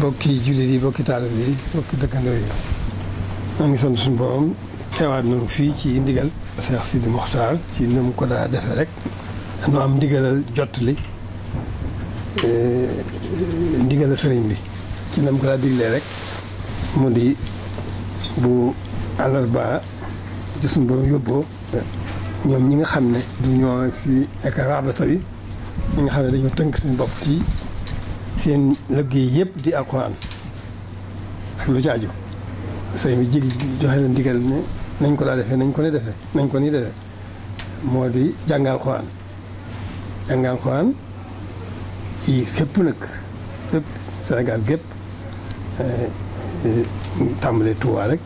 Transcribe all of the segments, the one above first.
bokki jullit yi bokki taalib yi bokki dëkkandoo yi maa ngi sant suñu borom teewaat nañu fii ci ndigal Cheikh Sidi Mokhtar ci ni ko daa defee rek dañoo am ndigalal jottali eh, ndigalal sëriñ bi ci ni ko daa diglee rek mu di bu àllarba ci suñu borom yóbboo ñoom ñi nga xam ne du ñoo fi nekk rabata bi ñi nga xam ne dañoo tënk suñu bopp ci seen liggéey yëpp di alxuraan ak lu ci aju sëñ bi jig joxe la ndigal nañ ko daa defee nañ ko ni defee nañ ko ni defee moo di jàngal xuraan jàngal xuraan ci fépp nag fépp Sénégal gépp eh, eh, tàmbalee Touba rek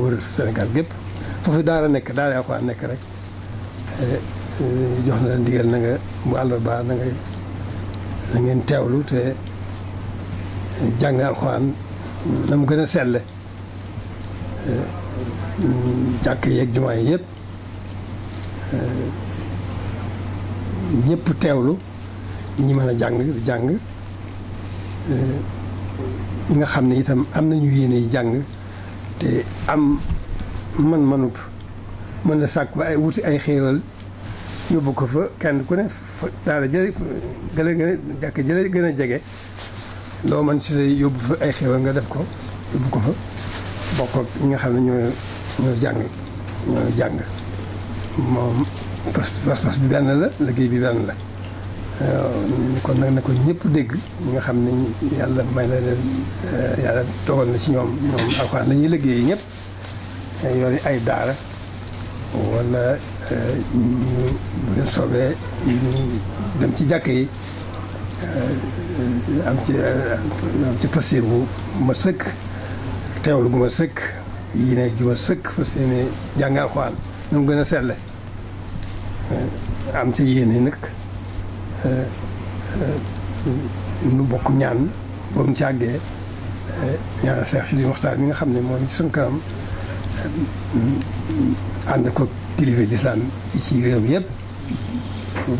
wër Sénégal gépp foofu daara nekk daara alxuraan nekk rek eh, jox na la ndigal na nga bu àllarba na na ngeen teewlu te jàng alxuraan na mu gën a selle jàkk yeeg jumaa yi yëpp ñëpp teewlu ñi mën a jàng jàng ñi nga xam ne itam am nañu yéene yi jàng te am man-manub mën na a sàkku ay wuti ay xéewal yóbbu ko fa kenn ku ne daal jële gën a gën a jàkk jële jege loo mën si lay yóbbu fa ay xéwal nga def ko yóbbu ko fa bokk ak ñi nga xam ne ñoo ñoo jàng ñoo jàng moom pas-pas bi benn la liggéey bi benn la kon nag ne ko ñëpp dégg ñi nga xam ne yàlla may la leen yàlla dogal na ci ñoom ñoom alxuraan la ñuy liggéey ñëpp ay daara wala euh, ñu bu soobee ñu dem ci jàkk yi euh, am ci euh, am ci ma sëkk teewlu gu ma sëkk yi ne ju ma sëkk parce que ne jàngal xwaan nu mu gën a selle am ci yéene nag nu bokk ñaan ba mu ci àggee ñaana seex si di waxtaan mi nga xam ne moom ci suñ kanam ànd ko kilifa lislaam réew yëpp ñu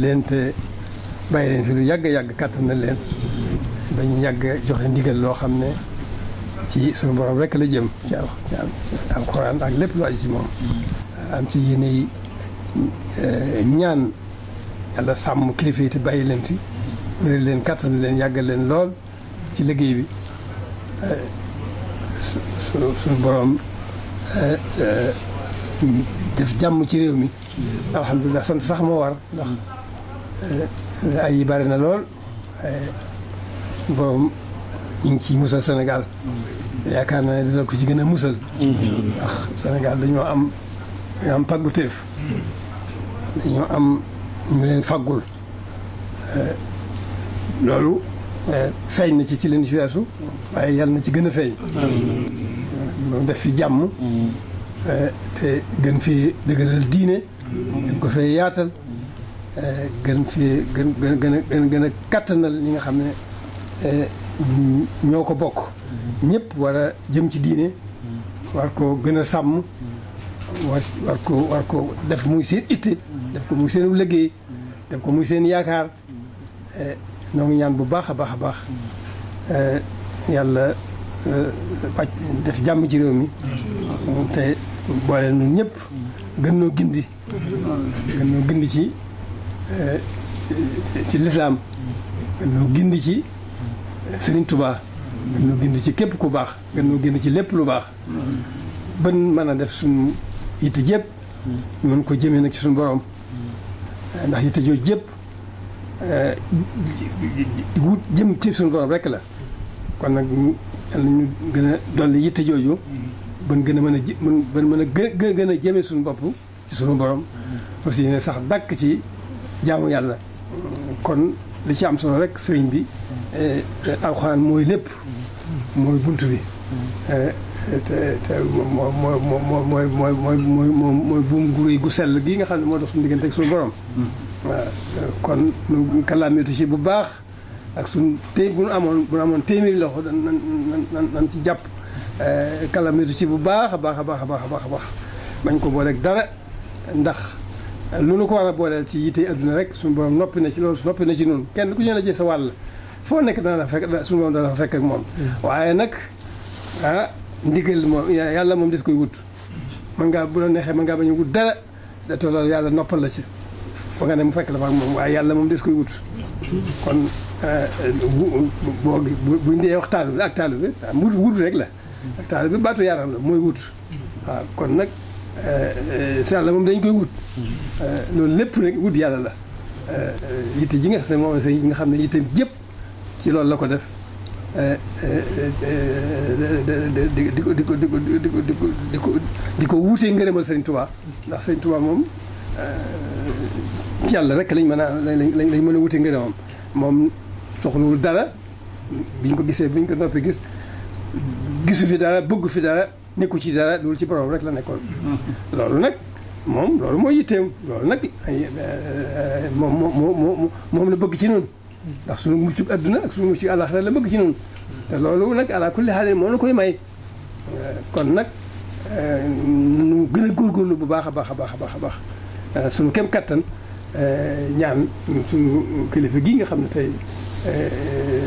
leen di leen fi lu yàgg yàgg kàttan leen dañu yàgg joxe ndigal loo xam ne ci suñu borom rek la jëm ci lépp lu ci moom am ci yéene eh, ñaan yàlla sàmm kilifa yi te bàyyi leen fi wéral leen kàttan na leen yàggal leen lool ci liggéey bi eh, suñu boroom eh, eh, def jàmm ci réew mi alhamdulilah sant sax moo war ndax eh, ay yi bari na lool borom ñu ngi ciy musal senegal yaakaar naa ne dina ko ci gën a musal ndax Sénégal dañoo am dañoo am pàgguteef dañoo am ñu leen faggul loolu feeñ na ci ci leen weesu waaye yàlla na ci gën a feeñ moom def fi jàmm te gën fi dëgëral diine gën ko fee yaatal gën fi gën gën gën a gën gën a kattanal ñi nga xam ne ñoo ko bokk ñépp war a jëm ci diine war ko gën a sàmm war war ko war ko def muy seen itte def ko muy seen liggéey def ko muy seen yaakaar ñoo ngi ñaan bu baax a baax a baax eh, yàlla eh, wàcc def jàmm ci réew mi te boole nu ñëpp gën noo gindi gën noo gindi ci eh, ci lislaam gën noo gindi ci Sëriñ tubaa gën noo gindi ci képp ku baax gën noo gindi ci lépp lu baax bën mën a def suñu yitte jépp mën ko jëmee nag ci suñu boroom ndax yitte jooju jépp Euh, wut jëm ci suñu borom rek la kon nag ñu ñu gën a dolli yitte jooju ban gën a mën a ban mën a gën gën a jëmee suñu bopp ci suñu borom parce que yéen sax dàkk ci jaamu yàlla kon li ci am solo rek sëriñ bi euh, alxuraan mooy lépp mooy bunt bi euh, te te moo moo moo mooy mooy mooy mooy mooy buum gu réy gu sell gii nga xam ne moo dox suñu diggante ak suñu borom waaw kon nu ci bu baax ak suñ tey bu nu amoon bu nu amoon téeméeri loxo nan nan nan ci jàpp eh, kàllaamatu ci bu baax a baax a baax a baax a baax bañ ko booleek dara ndax lu nu ko war a booleel ci yitte adduna rek suñu borom noppi na ci loolu noppi na ci noonu kenn ku ñu la ci sa wàll foo nekk dana la fekk suñu borom dana la fekk ak moom mm. waaye nag ah ndigal moom yàlla moom des koy wut mën ngaa bu la neexee mën ngaa bañ wut dara te loolu yàlla noppal la ci fa nga ne mu fekk la fa ak moom waaye yàlla moom des koy wut kon boo buñ dee wax taalu bi ak taalu bi wut rek la ak taalu bi baatu yaram la mooy wut waaw kon nag si yàlla moom dañ koy wut loolu lépp rek wut yàlla la yitte ji nga xam ne moom sa nga xam ne yitteem jëpp ci loolu la ko def di ko di ko di ko di ko di ko di ko wuutee ngërëmal Sëriñ Tuubaa ndax Sëriñ Tuubaa moom yàlla rek lañ mën a lañ lañ mën a wuti ngërëmam moom soxlawul dara biñ ko gisee biñ ko noppi gis gisu fi dara bëggu fi dara nekku ci dara loolu ci borom rek la nekkoon. loolu nag moom loolu mooy yitteem loolu nag eh, moom moo moo moom la bëgg ci noonu. ndax su muccub adduna ak suñu muccub la bëgg ci noonu. te loolu nag ala kulli xaal moo la koy may. Eh, kon nag eh, nu gën a góorlu bu baax a baax a baax a baax a baax. Euh, suñu kem kàttan euh, ñaan suñu kilifa gii nga xam ne tey euh,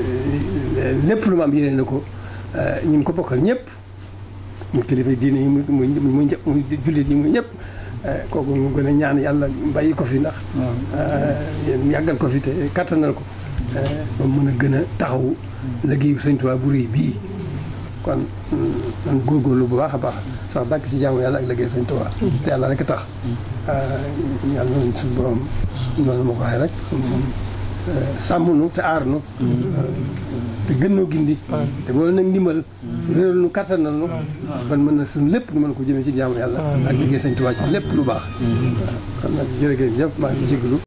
lépp lu ma am yeneen na ko ñu ngi ko bokkal ñépp mu kilifa diine yi mu mu jullit yi mu ñëpp kooku ñu gën a ñaan yàlla bàyyi ko fi ndax mm. yàggal ko fi te kattanal ko ba mën a gën a taxaw mm. liggéeyu Sëñ Tuubaa bu rëy bii kon nañ góorgóorlu bu baax a baax sax dàkk ci jaamu yàlla ak liggéey sëñ Tuubaa te yàlla rek tax ah, yàlla nañ suñu borom noonu ma ko waxee eh, sàmm nu te aar nu eh, te gën noo gindi te boole nag ndimbal wéral nu kattan na nu ban mën na suñu lépp nu mën ko jëmee ci jaamu yàlla ak liggéey sëñ Tuubaa ci lépp lu baax ah, kon nag jërëjëf maa ngi jégalu